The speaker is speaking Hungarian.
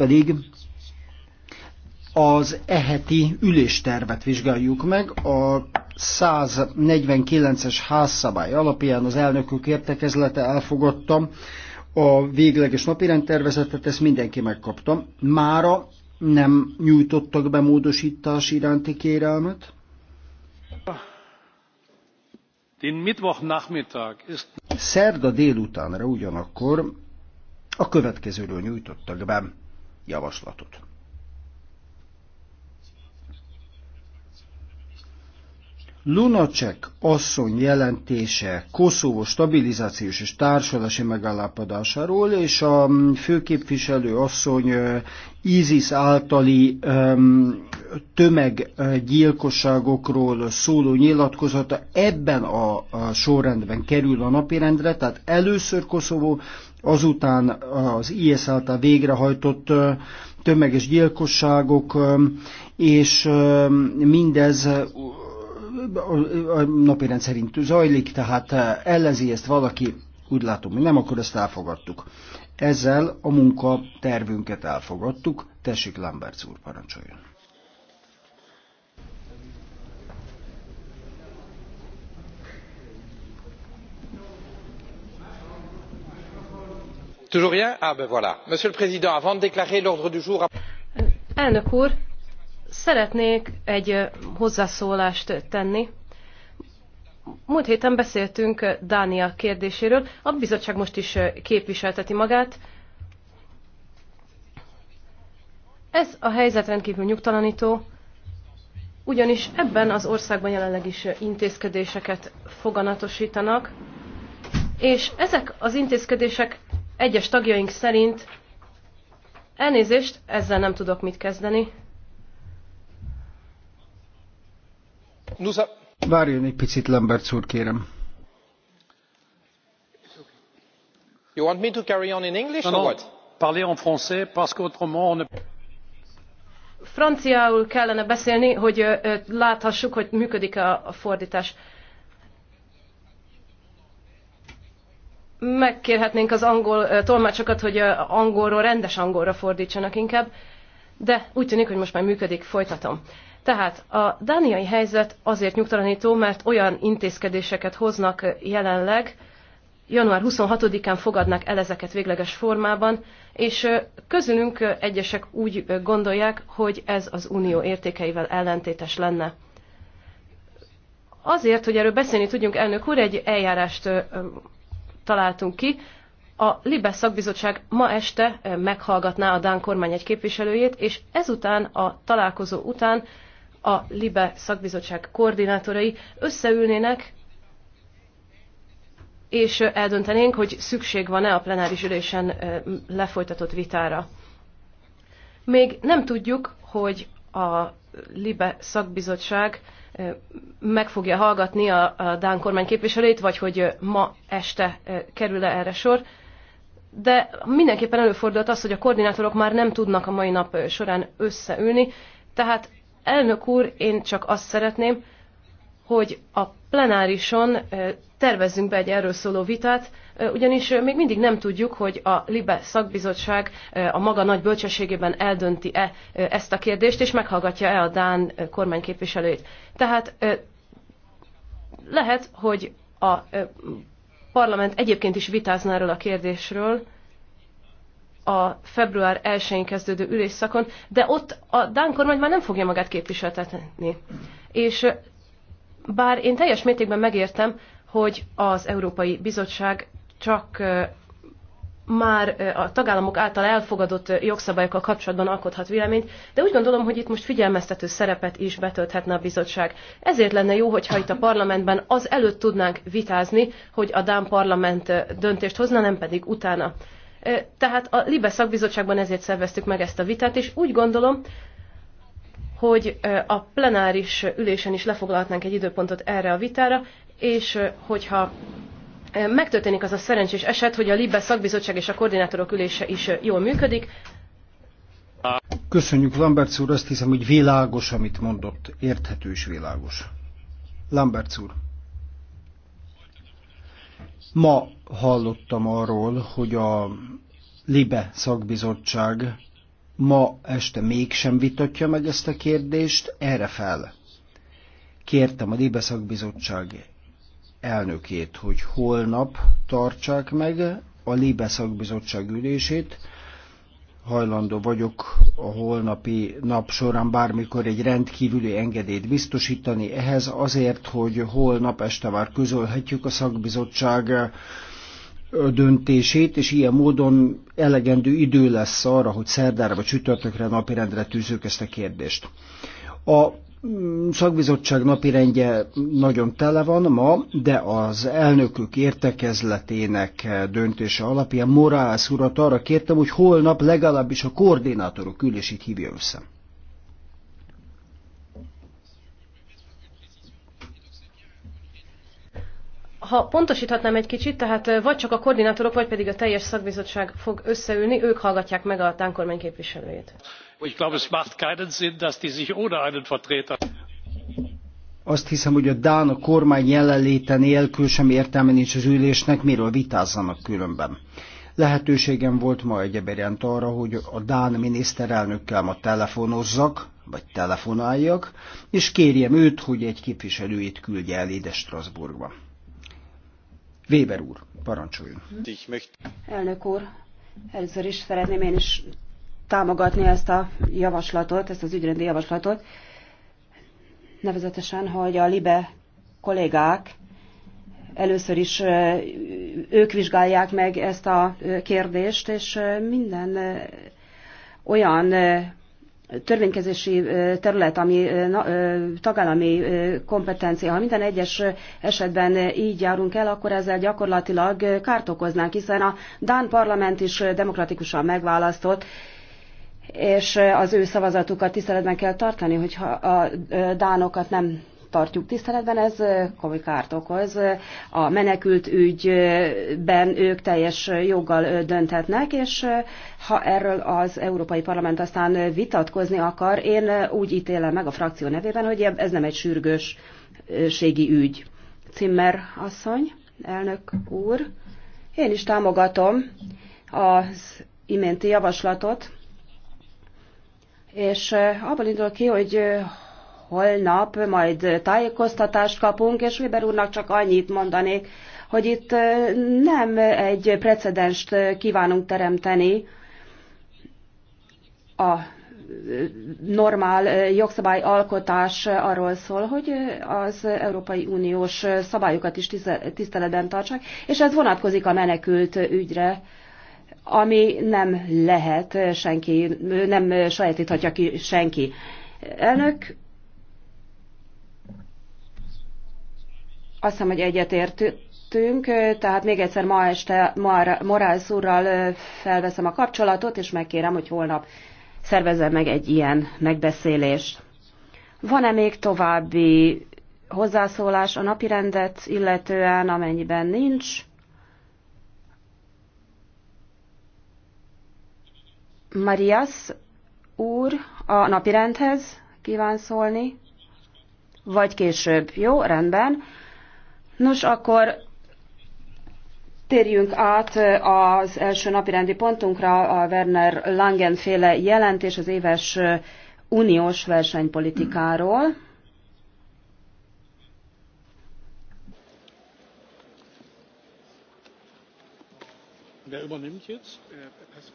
pedig az eheti üléstervet vizsgáljuk meg. A 149-es házszabály alapján az elnökök értekezlete elfogadtam a végleges napirendtervezetet, ezt mindenki megkapta. Mára nem nyújtottak be módosítás iránti kérelmet. Szerda délutánra ugyanakkor a következőről nyújtottak be javaslatot. Lunacek asszony jelentése Koszovó stabilizációs és társulási megállapodásáról, és a főképviselő asszony ISIS általi um, tömeggyilkosságokról szóló nyilatkozata ebben a sorrendben kerül a napirendre, tehát először Koszovó, azután az IS által végrehajtott tömeges gyilkosságok, és mindez a napirend szerint zajlik, tehát ellenzi ezt valaki, úgy látom, hogy nem, akkor ezt elfogadtuk. Ezzel a munka tervünket elfogadtuk. Tessék, Lambert úr, parancsoljon. Ah, elnök úr szeretnék egy hozzászólást tenni. múlt héten beszéltünk dánia kérdéséről a bizottság most is képviselteti magát. ez a helyzet rendkvül nyugtalanító ugyanis ebben az országban jelenleg is intézkedéseket foganatosítanak és ezek az intézkedések egyes tagjaink szerint elnézést, ezzel nem tudok mit kezdeni. Várjon egy picit, Lambert úr, kérem. You want me to carry on in English no, or what? Parler en français parce qu'autrement on ne franciául kellene beszélni, hogy láthassuk, hogy működik a fordítás. megkérhetnénk az angol tolmácsokat, hogy angolról rendes angolra fordítsanak inkább, de úgy tűnik, hogy most már működik, folytatom. Tehát a dániai helyzet azért nyugtalanító, mert olyan intézkedéseket hoznak jelenleg, január 26-án fogadnak el ezeket végleges formában, és közülünk egyesek úgy gondolják, hogy ez az unió értékeivel ellentétes lenne. Azért, hogy erről beszélni tudjunk, elnök úr, egy eljárást találtunk ki. A Libes szakbizottság ma este eh, meghallgatná a Dán kormány egy képviselőjét, és ezután, a találkozó után a Libe szakbizottság koordinátorai összeülnének, és eh, eldöntenénk, hogy szükség van-e a plenáris ülésen eh, lefolytatott vitára. Még nem tudjuk, hogy a LIBE szakbizottság meg fogja hallgatni a, a Dán kormány képviselőit, vagy hogy ma este kerül-e erre sor. De mindenképpen előfordult az, hogy a koordinátorok már nem tudnak a mai nap során összeülni, tehát elnök úr, én csak azt szeretném, hogy a plenárison tervezzünk be egy erről szóló vitát, ugyanis még mindig nem tudjuk, hogy a LIBE szakbizottság a maga nagy bölcsességében eldönti-e ezt a kérdést, és meghallgatja-e a Dán kormányképviselőjét. Tehát lehet, hogy a parlament egyébként is vitázna erről a kérdésről, a február 1-én kezdődő ülésszakon, de ott a Dán kormány már nem fogja magát képviseltetni. És bár én teljes mértékben megértem, hogy az Európai Bizottság csak már a tagállamok által elfogadott jogszabályokkal kapcsolatban alkothat véleményt, de úgy gondolom, hogy itt most figyelmeztető szerepet is betölthetne a bizottság. Ezért lenne jó, hogyha itt a parlamentben az előtt tudnánk vitázni, hogy a Dán parlament döntést hozna, nem pedig utána. Tehát a Libe szakbizottságban ezért szerveztük meg ezt a vitát, és úgy gondolom, hogy a plenáris ülésen is lefoglalhatnánk egy időpontot erre a vitára, és hogyha megtörténik az a szerencsés eset, hogy a LIBE szakbizottság és a koordinátorok ülése is jól működik. Köszönjük, Lambert úr, azt hiszem, hogy világos, amit mondott, érthető és világos. Lambert úr. Ma hallottam arról, hogy a LIBE szakbizottság ma este mégsem vitatja meg ezt a kérdést, erre fel. Kértem a LIBE szakbizottság elnökét, hogy holnap tartsák meg a Libe szakbizottság ülését. Hajlandó vagyok a holnapi nap során bármikor egy rendkívüli engedélyt biztosítani ehhez azért, hogy holnap este már közölhetjük a szakbizottság döntését, és ilyen módon elegendő idő lesz arra, hogy szerdára vagy csütörtökre napirendre tűzzük ezt a kérdést. A Mm, szakbizottság napirendje nagyon tele van ma, de az elnökök értekezletének döntése alapján Morales urat arra kértem, hogy holnap legalábbis a koordinátorok ülését hívja össze. ha pontosíthatnám egy kicsit, tehát vagy csak a koordinátorok, vagy pedig a teljes szakbizottság fog összeülni, ők hallgatják meg a tánkormány képviselőjét. Ich glaube, es macht keinen Sinn, dass die sich ohne einen Vertreter azt hiszem, hogy a Dán a kormány jelenléte nélkül sem értelme nincs az ülésnek, miről vitázzanak különben. Lehetőségem volt ma egyeberent arra, hogy a Dán miniszterelnökkel ma telefonozzak, vagy telefonáljak, és kérjem őt, hogy egy képviselőjét küldje el ide Strasbourgba. Weber úr, parancsoljon. Elnök úr, először is szeretném én is támogatni ezt a javaslatot, ezt az ügyrendi javaslatot, nevezetesen, hogy a LIBE kollégák először is ők vizsgálják meg ezt a kérdést, és minden olyan törvénykezési terület, ami tagállami kompetencia, ha minden egyes esetben így járunk el, akkor ezzel gyakorlatilag kárt okoznánk, hiszen a Dán parlament is demokratikusan megválasztott, és az ő szavazatukat tiszteletben kell tartani, hogyha a dánokat nem tartjuk tiszteletben, ez komoly kárt okoz. A menekült ügyben ők teljes joggal dönthetnek, és ha erről az Európai Parlament aztán vitatkozni akar, én úgy ítélem meg a frakció nevében, hogy ez nem egy sürgősségi ügy. Cimmer asszony, elnök úr, én is támogatom az iménti javaslatot, és abban indul ki, hogy holnap majd tájékoztatást kapunk, és Weber úrnak csak annyit mondanék, hogy itt nem egy precedenst kívánunk teremteni a normál jogszabályalkotás arról szól, hogy az Európai Uniós szabályokat is tiszteletben tartsák, és ez vonatkozik a menekült ügyre, ami nem lehet senki, nem sajátíthatja ki senki. Elnök, Azt hiszem, hogy egyetértünk, tehát még egyszer ma este Morales úrral felveszem a kapcsolatot, és megkérem, hogy holnap szervezzen meg egy ilyen megbeszélést. Van-e még további hozzászólás a napirendet illetően, amennyiben nincs? Marias úr a napirendhez kíván szólni, vagy később. Jó, rendben. Nos, akkor térjünk át az első napirendi pontunkra, a Werner Langen féle jelentés az éves uniós versenypolitikáról. Wer übernimmt jetzt?